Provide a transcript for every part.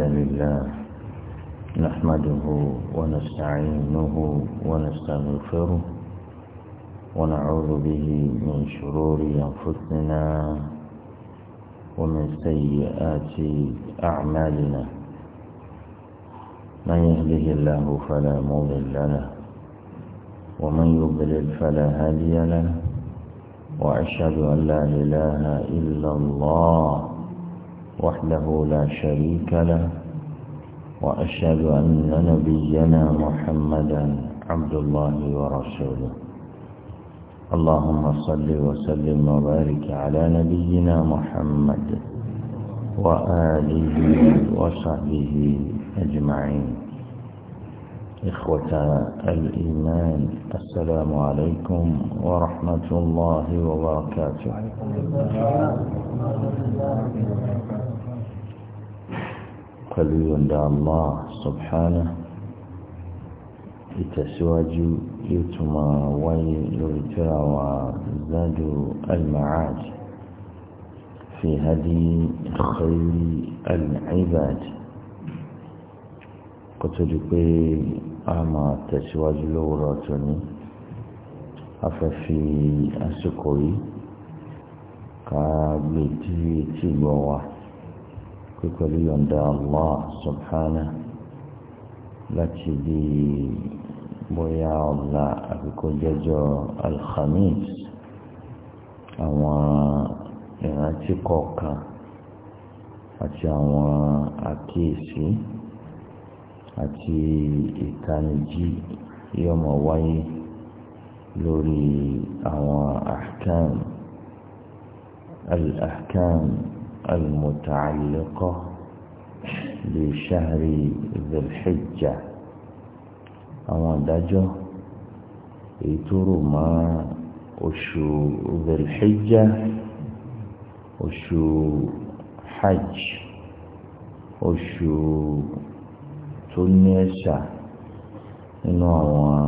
الحمد لله نحمده ونستعينه ونستغفره ونعوذ به من شرور أنفسنا ومن سيئات أعمالنا من يهده الله فلا مضل له ومن يضلل فلا هادي له وأشهد أن لا إله إلا الله وحده لا شريك له وأشهد أن نبينا محمدا عبد الله ورسوله اللهم صل وسلم وبارك على نبينا محمد وآله وصحبه أجمعين إخوة الإيمان السلام عليكم ورحمة الله وبركاته pẹ̀lú yọ̀ǹda Allah subhana ìtẹ̀síwájú yóò tún máa wáyé lórí tírà wa Zadu al-Ma'ad fi hadi khayri al-ibad kó tó di pé a máa tẹ̀síwájú lówùrọ̀ tó ní afẹ́fi àsìkò yìí ká gbèdí etí gbọ́ wa pé pẹ̀lú yọ̀ǹda Allah subhana láti di bóyá ọ̀la àkókò jẹjọ alhamis àwọn ìrántí kọ̀ọ̀kan àti àwọn àkíyèsí àti ìtanijí yóò máa wáyé lórí àwọn ahkam المتعلقة بشهر ذي الحجة àwọn àdájọ́ èyí tó rò mọ́ oṣù ذي الحجة oṣù hajj oṣù tó ní ẹ̀ṣà nínú àwọn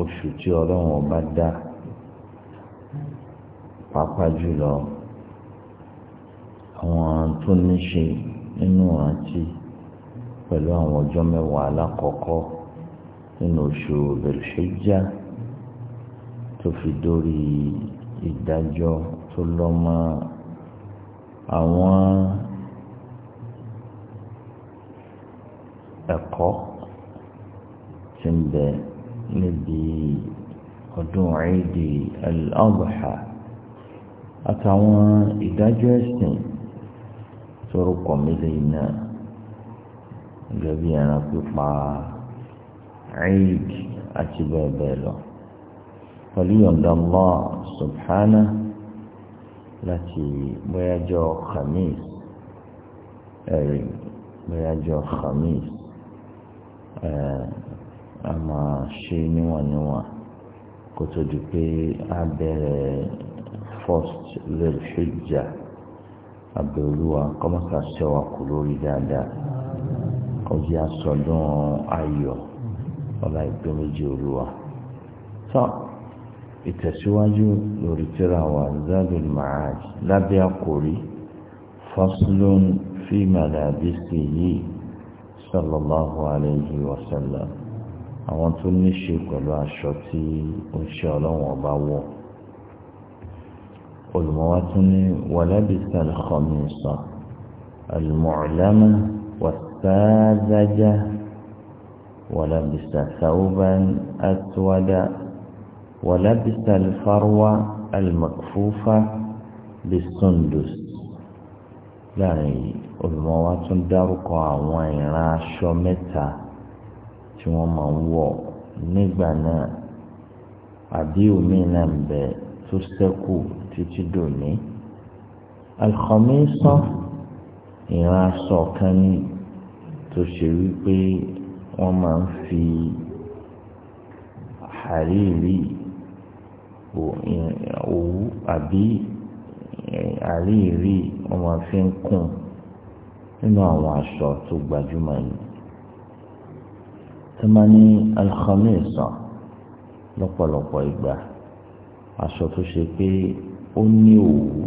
oṣù tí ọlọ́run ọba dá pàápàá jùlọ àwọn tó ní ṣe nínú àti pẹ̀lú àwọn ọjọ́ mẹ́wàá alákọ̀ọ́kọ́ nínú oṣù Dhul-Hijja tó fi dórí ìdájọ́ tó lọ́ mọ́ àwọn ẹ̀kọ́ tí ń bẹ níbi ọdún Eid al àtàwọn ìdájọ́ ẹ̀sìn sọ̀rọ̀ kọ̀mílẹ̀ iná gẹ́gẹ́ bí ẹran pípa eid àti bẹ́ẹ̀ bẹ́ẹ̀ lọ pẹ̀lú yọ̀ǹda Allah subhana láti bóyájọ́ khamis ẹ̀rí bóyájọ́ khamis ẹ̀ a máa ṣe níwọ̀n kó tó di pé a bẹ̀rẹ̀ first lil hijjah àbẹ̀olúwa kọ́mọ́sà ṣẹ́wà kú lórí dáadáa ọjọ́ àsọdún ayọ̀ ọlá ìpín méjì olúwa. sọ ìtẹ̀síwájú lórí tíra wa zadul ma'aj lábẹ́ àkórí faslun fi malabisihi sallallahu alayhi wa sallam àwọn tó ní ṣe pẹ̀lú aṣọ tí ó ń ṣe ọlọ́wọ́n ọba wọ̀. والمواتن ولبس الخميص المعلمة والساذجة ولبس ثوبا أسود ولبس الفروة المكفوفة بالسندس láàrin olùmọ̀ wa tún dárúkọ àwọn ìran aṣọ mẹ́ta tí wọ́n máa ń wọ̀ nígbà náà àbí omi náà ń bẹ tó ṣẹ́kù títí dòní alxọmísọ ìran aṣọ kan ní tó ṣe wípé wọ́n máa ń fi àríìrí òwú àbí àríìrí wọ́n máa fi ń kùn nínú àwọn aṣọ tó gbajúmọ̀ yìí tó máa ní lọ́pọ̀lọpọ̀ ìgbà aṣọ tó ṣe pé ó ní òwú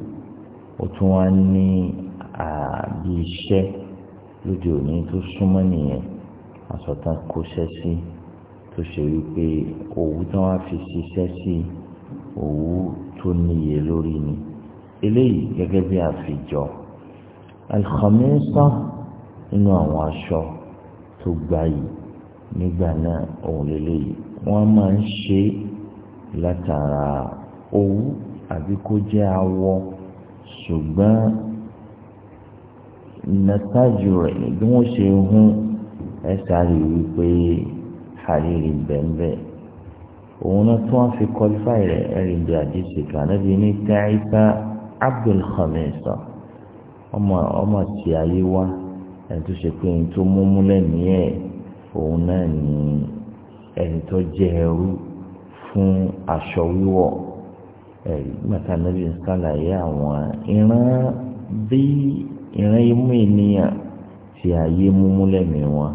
ó tún wá ní àbí iṣẹ́ lóde òní tó súnmọ́ nìyẹn àsọtán kóṣẹ́ sí tó ṣe wípé òwú tí wọ́n fi ṣiṣẹ́ sí òwú tó níye lórí ni eléyìí gẹ́gẹ́ bí àfijọ́ alhamisa nínú àwọn aṣọ tó gbayì nígbà náà òun lélẹ́yìí wọ́n máa ń ṣe látara òwú àbí kó jẹ́ awọ ṣùgbọ́n nàtàjù rẹ̀ bí wọ́n ṣe hún ẹ sáré wípé hariri bẹ́ẹ̀nbẹ́ òun náà tí wọ́n fi kọlifáì rẹ̀ ẹ̀rìn bí àdìsí kànáàbí ní tẹ́ẹ́fà abdulhamisa ọmọ ọmọ tí ayé wá ẹni tó ṣe pé ẹni tó múmú lẹ́nìí ẹ̀ òun náà ní ẹni tó jẹ́ ẹrú fún aṣọ wíwọ̀. gbàtà níbi ṣàlàyé àwọn ìran bí ìran imú ènìyàn ti ààyè múmú lẹ́mí wọn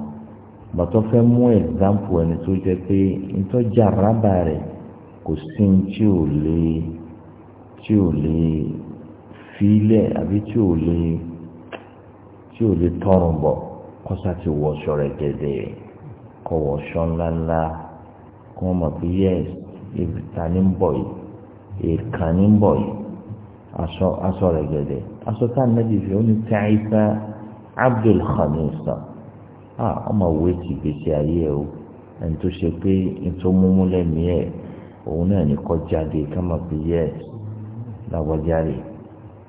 bàtọ́ fẹ́ mú ẹ̀dáǹpù ẹni tó jẹ́ pé ìtọ́jà rábà rẹ̀ kò sí tí ò lè tí ò lè filẹ̀ àbí tí ò lè tí ò lè tọrùn bọ̀ ti wọṣọ rẹ̀ gẹ̀dẹ̀ kọ́ wọṣọ ńláńlá kọ́ mọ̀ pé yẹ́s ibi ta ni ń èèkàn ní bọ̀ yìí aṣọ aṣọ rẹ̀ gẹ̀dẹ̀ aṣọ tá a nẹ́bi fi ó ní tẹ́ẹ́fẹ́ Abdul Khamisa a ọmọ òwe ti gbèsè ayé o ẹni tó ṣe pé ètò múmú lẹ́mìí ẹ̀ òun náà ní kọjáde ká máa fi yẹ lágbájá rẹ̀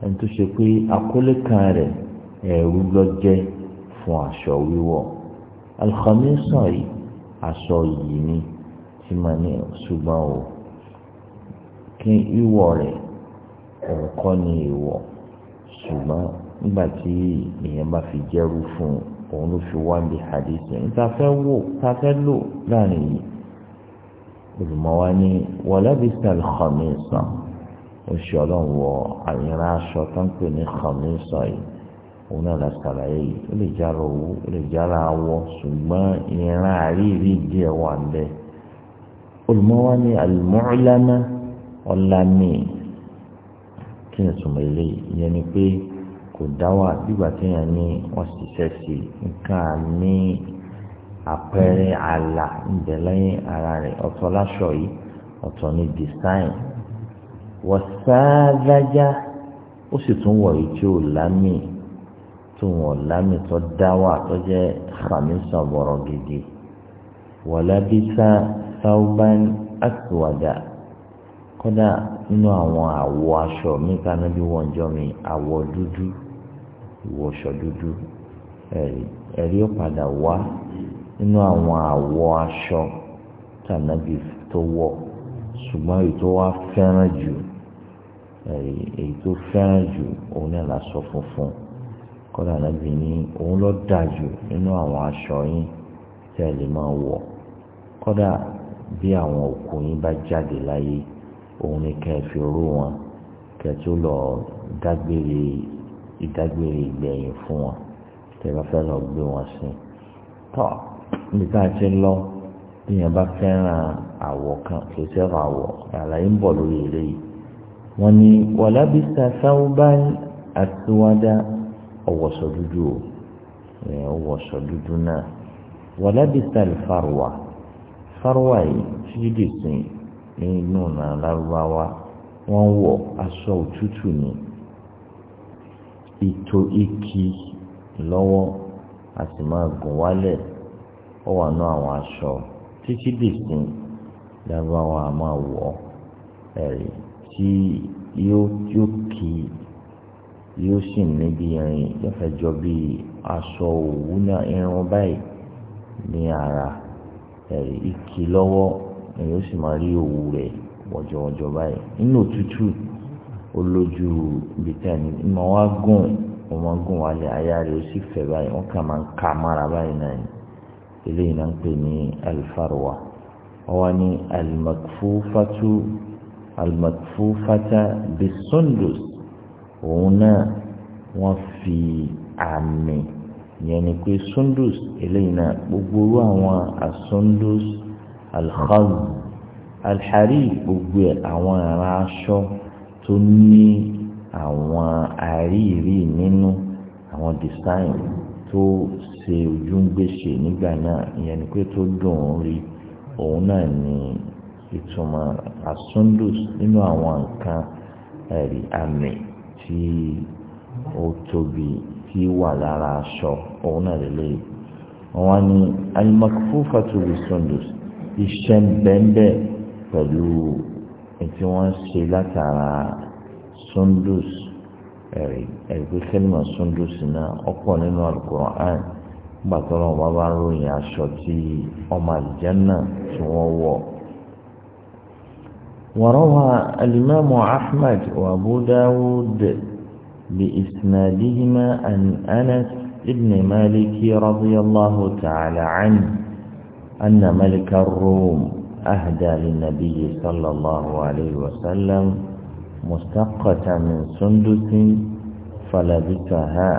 ẹni tó ṣe pé akólé kan rẹ̀ ẹ̀rú lọ fún aṣọ wíwọ̀ Al yìí aṣọ yìí ni tí màá ní ṣùgbọ́n o kí ìwọ rẹ̀ ẹ̀kọ́ ni ìwọ ṣùgbọ́n nígbà tí èèyàn bá fi jẹ́rú fún un òun ló fi wá bí hadith yẹn níta fẹ́ wò ta fẹ́ lò láàrin yìí olùmọ̀wá ní wọlébísà lọ́mísàn oṣù ọlọ́run wọ àyìnrá aṣọ tó ń pè ní lọ́mísàn yìí òun náà la ṣàlàyé yìí ó lè jára owó ó lè jára awọ ṣùgbọ́n ìran àríyìí díẹ̀ wà ń bẹ́ẹ̀ olùmọ̀wá ní àlùmọ́ọ́lámá. ọlá míì kí ni túmọ̀ eléyìí ìyẹn ni pé kò dá bígbà téèyàn ní wọ́n ṣiṣẹ́ sí i nǹkan ní àpẹẹrẹ àlà ńbẹ lẹ́yìn ara rẹ̀ ọ̀tọ̀ láṣọ yìí ọ̀tọ̀ ní design wọ́n sáádájá ó sì tún wọ̀ yìí tí lámì tó wọ̀ lámì tó tó jẹ́ gidi wọ́n lábí sá kódà nínú àwọn àwọ̀ aṣọ mi kaná bí wọ́n jọ mi àwọ̀ dúdú ìwọ̀ṣọ dúdú ẹ̀rí ó padà wá nínú àwọn àwọ̀ aṣọ tànàbí tó wọ̀ ṣùgbọ́n èyí tó wá fẹ́ràn jù èyí tó fẹ́ràn jù òun náà lásọ funfun kódà nàbí ní òun ló dáa jù nínú àwọn aṣọ yín tẹ́ ẹ lè máa wọ̀ kódà bí àwọn òkú yín bá jáde láyé òun ni kẹfì rú wọn kẹtù lọ dágbére ìdágbére ìgbẹ̀yìn fún wọn tẹ̀lé fẹ́ lọ gbé wọn sí i tọ́ nígbà tí ń lọ bíyàn bá fẹ́ràn àwọ̀ kan kò sẹ́fọ̀ àwọ̀ àlàyé ń bọ̀ lórí eré yìí wọ́n ní wàlábí sàṣáwó báyìí àtiwádá ọ̀wọ̀sọ̀ dúdú o ọ̀wọ̀sọ̀ dúdú náà wàlábí sàlì fáruwà fáruwà yìí ṣíjú dì sí i. nínú ìran lárúbáwá wọ́n wọ aṣọ òtútù ní ìtò ìkì lọwọ a sì máa gùn wálẹ̀ ó wà ná àwọn aṣọ títí dìsín lárúbáwá a máa wọ̀ ẹ̀rí tí yóò yóò kì yóò sì irin yóò fẹ́ bi aṣọ òwú náà irun báyìí ara ẹ̀rí ìkì èyí ó sì máa rí òwú rẹ̀ wọ̀jọ̀wọ̀jọ̀ báyìí nínú òtútù ó lójú ibi tí a ní ìmọ̀ wá gùn wọ́n máa gùn wálé aya rẹ̀ ó sì fẹ̀ báyìí wọ́n kà máa ń ka mára báyìí náà ni eléyìí náà ń pè ní alifaruwa wọ́n wá ní alimakufufatu alimakufufata bisundus òun náà wọ́n fi àmì yẹn ni pé sundus eléyìí náà gbogbo àwọn asundus alxamu alxari gbogbo àwọn ará aṣọ tó ní àwọn àríyìrí nínú àwọn design tó ṣe ojú ń gbèsè nígbà náà ìyẹn ni pé tó dùn ún rí òun náà ní ìtumọ̀ asundus nínú àwọn nǹkan ẹ̀rí àmì tí ó tóbi tí wà lára aṣọ òun náà lélẹ́yìí wọn ni alimakufufatu bi sundus iṣẹ́ ń bẹ́ńbẹ́ pẹ̀lú ẹtí wọ́n ń ṣe látara sundus ẹ̀gbẹ́ kẹ́lìmọ̀ sundus náà ọ̀pọ̀ nínú alukur'an nígbà tó lọ́wọ́ bá bá ròyìn aṣọ tí ọmọ àlìjánná tí wọ́n wọ̀. وروى الإمام أحمد وأبو داود بإسنادهما عن أنس بن مالك رضي الله تعالى عنه أن ملك الروم أهدى للنبي صلى الله عليه وسلم مستقة من سندس فلبسها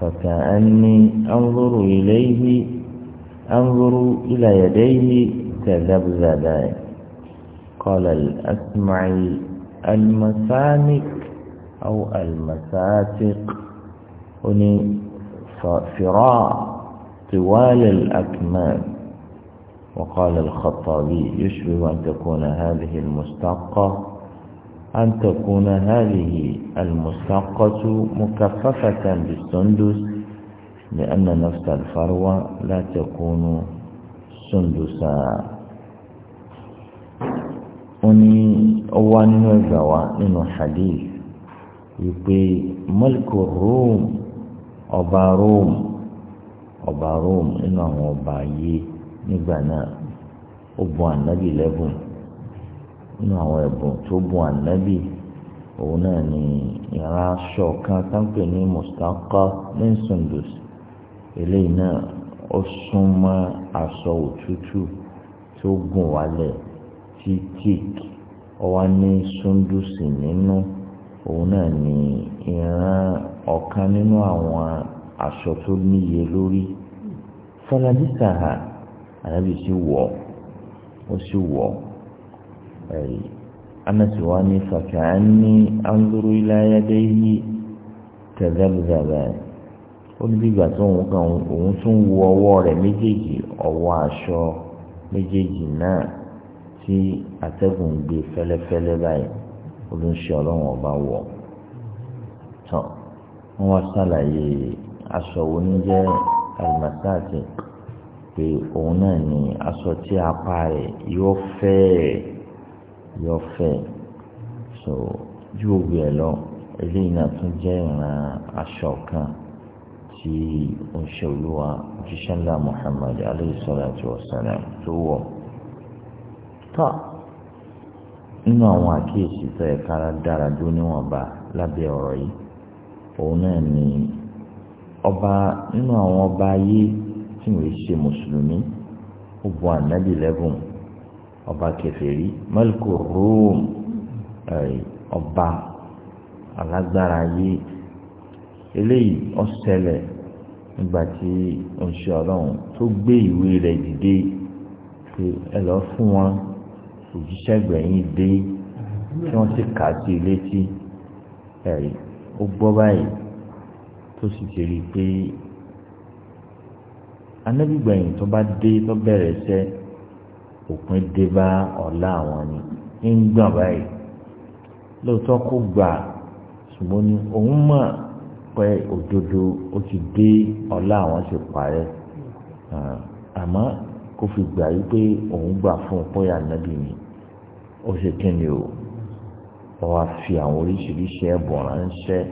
فكأني أنظر إليه أنظر إلى يديه تذبذبا قال الأسمعي المسانك أو المساتق هني فراء طوال الأكمام وقال الخطابي يشبه أن تكون هذه المستقة أن تكون هذه المستقة مكففة بالسندس لأن نفس الفروة لا تكون سندسا أني أوان وزوا من حديث يبي ملك الروم أبا روم أبا روم إنه أبا يه nígbà náà ó bùn ànábì lẹ́bùn nínú àwọn ẹ̀bùn tó bùn ànábì òun náà ni ìran aṣọ kan táǹpẹ̀ ní mùsàkà ní eléyìí náà ó súnmọ́ aṣọ òtútù tó gùn wálẹ̀ tí ọwá ní sundusi nínú òun náà ni ìran ọ̀kan nínú àwọn aṣọ tó níye lórí fọlábísà ànábì sì wọ̀ ó sì wọ̀ ẹ̀rí anasi wa ni fàkàánì andúró iláyàdé yí tẹ̀lẹ́lẹ́lẹ́ ó ní bí ìgbà tó òun kan òun tún wo ọwọ́ rẹ̀ méjèèjì ọwọ́ aṣọ méjèèjì náà tí atẹ́gùn gbé fẹ́lẹ́fẹ́lẹ́ báyìí olóńṣe ọlọ́run ọba wọ̀ tán wọ́n wá ṣàlàyé aṣọ wo ní jẹ́ àlùmọ́sáàtì. pé òun náà ni aṣọ tí apá rẹ̀ yóò fẹ́ yóò so ju òwe ẹ̀ lọ eléyìí náà tún jẹ́ ìran aṣọ kan tí òṣèlúwa òṣìṣẹ́ ńlá Muhammad alayhi salam tó wọ̀ tọ́ nínú àwọn àkíyèsí tó yẹ kára dára dó níwọ̀nba lábẹ́ ọ̀rọ̀ yìí òun náà ni ọba nínú àwọn ọba ayé tí wọ́n ṣe mùsùlùmí ó bu ànábì lẹ́bùn ọba kèfèrí mẹ́lìkù róòm ọba alágbára yìí eléyìí ó ṣẹlẹ̀ nígbà tí oṣù ọlọ́run tó gbé ìwé rẹ̀ dìde pé ẹ lọ fún wọn òjíṣẹ́ gbẹ̀yìn dé tí wọ́n sì kà á sí létí ẹ̀rí ó gbọ́ báyìí tó sì ti rí i pé anabi gbẹ̀yìn tó bá dé tó bẹ̀rẹ̀ iṣẹ́ òpin dé bá ọ̀la àwọn ni ń gbọ̀n báyìí lóòótọ́ kó gbà ṣùgbọ́n ní òun mọ̀ pé òdodo ó ti dé ọ̀la àwọn ti parẹ́ àmọ́ kó fi gbà yí pé òun gbà fún pọ́yà anabi ni ó ṣe kí ni o wọ́n á fi àwọn oríṣiríṣi ẹ̀bùn ránṣẹ́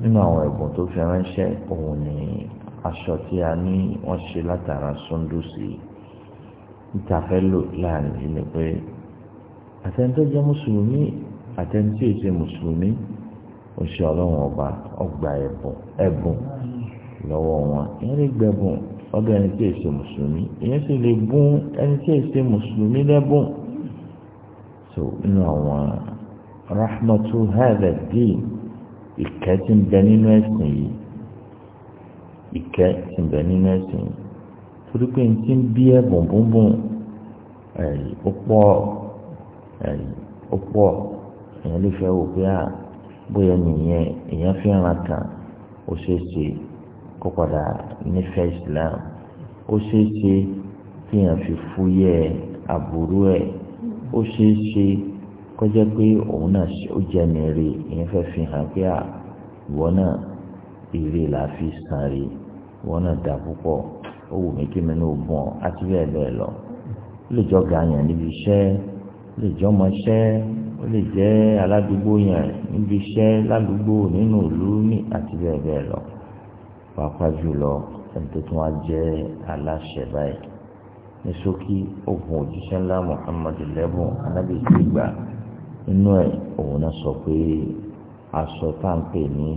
nínú àwọn ẹ̀bùn tó fi ránṣẹ́ òun nìyí aṣọ tí a ní wọ́n ṣe látara sundusi níta fẹ́ lò láàrin yìí ni pé àtẹnudọ́ jẹ́ mùsùlùmí àtẹnudọ́ yìí ṣe mùsùlùmí oṣù ọlọ́run ọba ọgbà ẹ̀bùn ẹ̀bùn lọ́wọ́ wọn ìyẹn lè gbẹ̀bùn ọdún ẹni tí yìí mùsùlùmí ìyẹn sì lè bùn ẹni tí yìí mùsùlùmí lẹ́bùn so nínú àwọn rahmatu hadha din ń bẹ nínú ẹ̀sìn yìí ìkẹ́ ti bẹ̀ nínú ẹ̀sìn torí pé n ti ń bí ẹ bùnbùnbùn ẹ̀yì ó pọ̀ ẹ̀yì ó pọ̀ èèyàn lè fẹ́ wò pé à bóyá nìyẹn èèyàn fi hàn kan ó ṣeé ṣe kó padà nífẹ̀ẹ́ Islam ó ṣeé ṣe kí èèyàn fi fúyẹ́ aburú ẹ̀ ó ṣeé ṣe kọjá pé òun náà ó jẹ́ nìrè èèyàn fẹ́ fi hàn pé à ìwọ náà èrè la fi san rí wọn náà dà púpọ̀ ó wù mí kí mi ní ogun ọ àti bẹ́ẹ̀ bẹ́ẹ̀ lọ ó lè jọ gàyàn níbi iṣẹ́ ó lè jọ ọmọṣẹ́ ó lè jẹ́ aládùúgbò yẹn níbi iṣẹ́ ládùúgbò nínú ìlú ní àti bẹ́ẹ̀ bẹ́ẹ̀ lọ pàápàá jùlọ ẹni tó tún wá jẹ́ aláṣẹ báyìí ní ṣókí ogun òjíṣẹ́ ńlá muhammadu lẹ́bùn anábìsí gbà inú ẹ̀ òun náà sọ pé aṣọ táǹpẹ̀ ní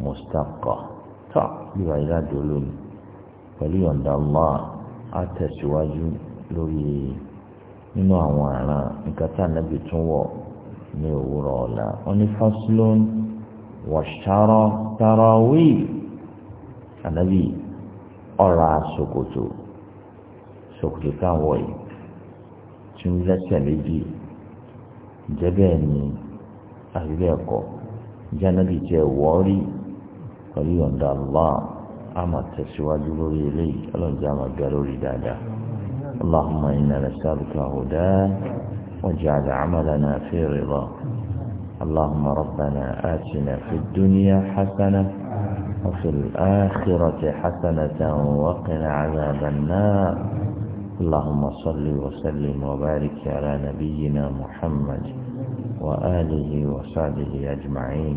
mustaqqa tó bíbá yìí láti olóyún pẹ̀lú yọ̀ǹda Allah a lórí nínú àwọn àràn nǹkan tá ànábì tún wọ̀ ní òwúrọ̀ ọ̀la wọn ní faslon wàṣárọ̀ tarawí ànábì ọ̀ra ṣòkòtò ṣòkòtò táwọn yìí tí ń lẹ́sẹ̀ méjì jẹ́ bẹ́ẹ̀ ni pẹ̀lú ọ̀dà Allah àmà tẹ̀síwájú lórí eléyìí ọlọ́jà àmà gbà lórí dáadáa اللهم إنا نسألك هداك واجعل عملنا في رضاك اللهم ربنا آتنا في الدنيا حسنة وفي الآخرة حسنة وقنا عذاب النار اللهم صل وسلم وبارك على نبينا محمد وآله وصحبه أجمعين